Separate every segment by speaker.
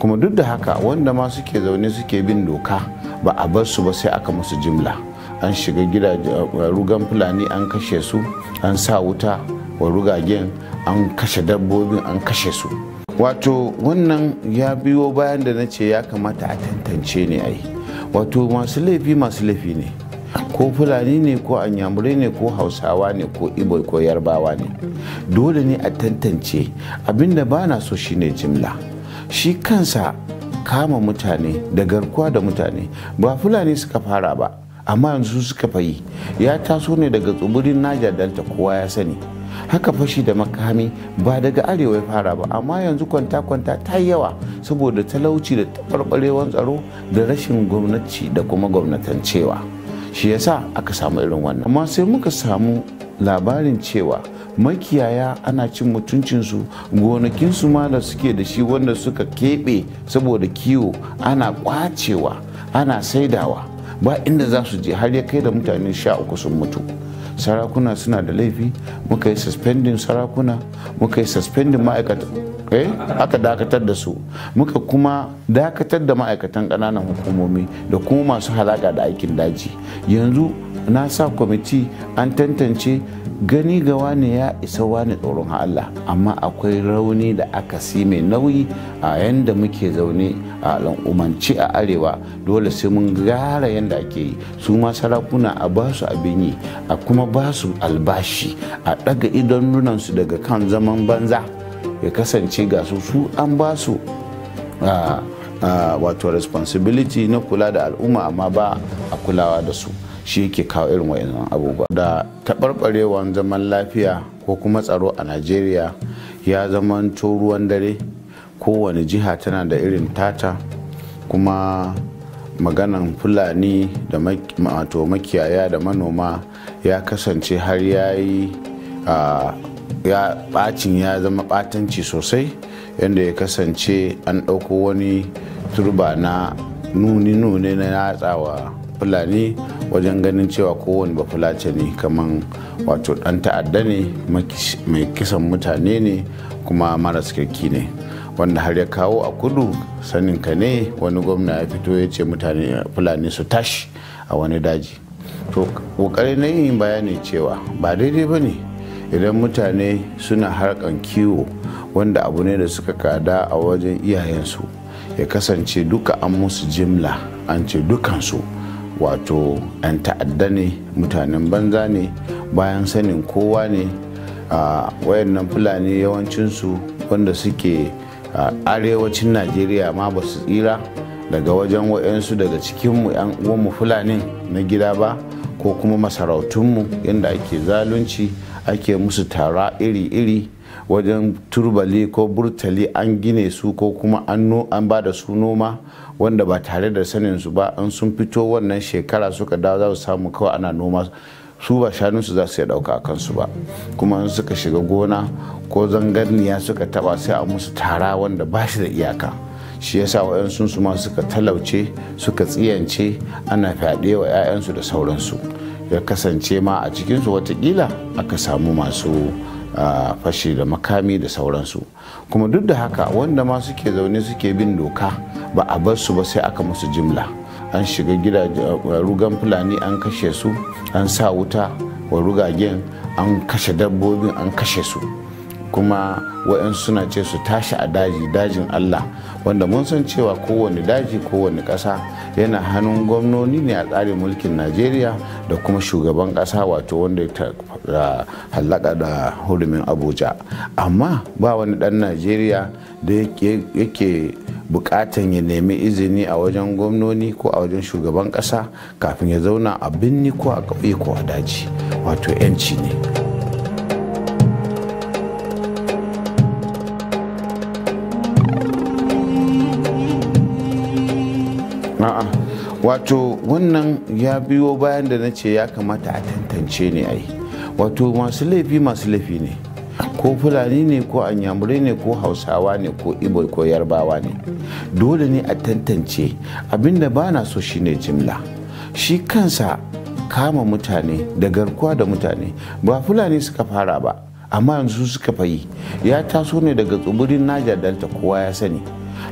Speaker 1: kuma duk da haka wanda ma suke zaune suke bin doka ba a bar su ba sai aka musu jimla an shiga gida rugan fulani an kashe su an sa wuta wa rugagen an kashe dabbobin an kashe su wato wannan ya biyo bayan da na ce ya kamata a tantance ne ai wato masu laifi masu laifi ne ko fulani ne ko anyamurai ne ko hausawa ne ko ibo ko yarbawa ne dole ne a tantance abinda ba na so shine jimla shi kansa kama mutane da garkuwa da mutane ba fulani suka fara ba amma yanzu suka fayi ya taso ne daga tsibirin naja delta kowa ya sani haka fashi da makami ba daga arewa ya fara ba amma yanzu kwanta-kwanta ta yawa saboda talauci da taɓarɓarewan tsaro da rashin gwamnati da kuma gwamnatancewa shi yasa aka samu irin wannan amma sai muka samu labarin cewa makiyaya ana cin mutuncinsu gonakinsu ma da suke da shi wanda suka keɓe saboda kiwo ana kwacewa ana saidawa ba inda za su je har ya kai da mutane sha uku sun mutu sarakuna suna da laifi muka yi suspendin sarakuna muka yi suspendin ma'aikata eh aka dakatar da su muka kuma dakatar da ma'aikatan ƙananan hukumomi da kuma masu halaƙa da aikin daji yanzu na sa kwamiti an tantance gani ga wani ya isa wani tsoron Allah amma akwai rauni da aka si mai nauyi a yadda muke zaune a al'umance a arewa dole sai mun gara yadda ake yi su ma sarakuna a ba su abin yi a kuma ba su albashi a ɗaga nunansu daga kan zaman banza ya kasance ga su su an ba su wato responsibility na kula da al'umma amma ba a kulawa da su. shi yake kawo irin wa'in abubuwa da taɓarɓarewan zaman lafiya ko kuma tsaro a najeriya ya zama ruwan dare kowane jiha tana da irin tata kuma maganan fulani da makiyaya da manoma ya kasance har ya yi ya bacin ya zama batanci sosai yadda ya kasance an ɗauko wani turba na nuni-nuni na yatsawa fulani wajen ganin cewa kowane ba fulace ne kamar wato dan ta'adda ne mai kisan mutane ne kuma maras kirki ne wanda har ya kawo a kudu sanin ka ne wani gwamna ya fito ya ce mutane fulani su tashi a wani daji to kokari na yin bayani cewa ba daidai ba ne idan mutane suna harkan kiwo wanda abu ne da suka kada a wajen iyayensu ya kasance duka an musu jimla an ce dukansu wato 'yan ta'adda ne mutanen banza ne bayan sanin kowa ne a wayannan fulani yawancinsu wanda suke arewacin najeriya ma ba su tsira daga wajen wayansu daga cikinmu 'yan uwanmu fulanin na gida ba ko kuma masarautunmu yadda ake zalunci ake musu tara iri-iri wajen turbali ko burtali an gine su ko kuma an ba da su noma wanda ba tare da sanin su ba an sun fito wannan shekara suka dawo za su samu kawai ana noma su ba shanunsu za su iya ɗauka a kansu ba kuma in suka shiga gona ko zangarniya suka taba sai a musu tara wanda ba shi da iyaka shi yasa wa'yansu su ma suka talauce suka tsiyance ana fyaɗe wa 'ya'yansu da sauransu ya kasance ma a cikinsu watakila aka samu masu a fashe da makami da sauransu kuma duk da haka wanda ma suke zaune suke bin doka ba a bar su ba sai aka musu jimla an shiga gida rugan fulani an kashe su an sa wuta wa rugagen an kashe dabbobin an kashe su kuma wa'yan suna ce su tashi a daji dajin Allah wanda mun san cewa kowane daji kowane ƙasa yana hannun gwamnoni ne a tsarin mulkin Najeriya da kuma shugaban ƙasa wato wanda ya hallaka da hurumin Abuja amma ba wani ɗan Najeriya da yake bukatan ya nemi izini a wajen gwamnoni ko a wajen shugaban ƙasa kafin ya zauna a binni ko a ƙauye ko a daji wato 'yanci ne. a'a wato wannan ya biyo bayan da na ce ya kamata a tantance ne ai wato masu laifi masu laifi ne ko fulani ne ko anyamurai ne ko hausawa ne ko ibo ko yarbawa ne dole ne a tantance abinda ba na so shine jimla shi kansa kama mutane da garkuwa da mutane ba fulani suka fara ba amma yanzu suka fayi ya taso ne daga tsibirin naja delta kowa ya sani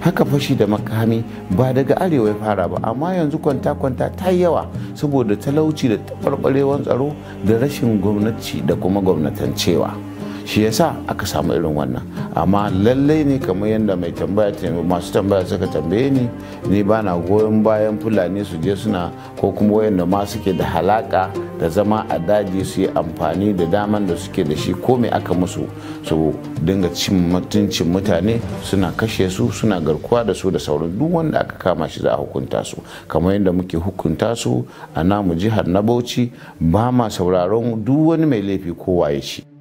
Speaker 1: haka fashi da makami ba daga arewa ya fara ba amma yanzu kwanta-kwanta ta yawa saboda talauci da taɓarɓarewar tsaro da rashin gwamnati da kuma gwamnatancewa. shi yasa aka samu irin wannan amma lallai ne kamar yadda mai tambaya masu tambaya suka tambaye ni ni ba na goyon bayan fulani su je suna ko kuma wayanda ma suke da halaka da zama a daji su yi amfani da daman da suke da shi ko mai aka musu su dinga cin mutuncin mutane suna kashe su suna garkuwa da su da sauran duk wanda aka kama shi za a hukunta su kamar yadda muke hukunta su a namu jihar na bauchi ba ma sauraron duk wani mai laifi kowa ya shi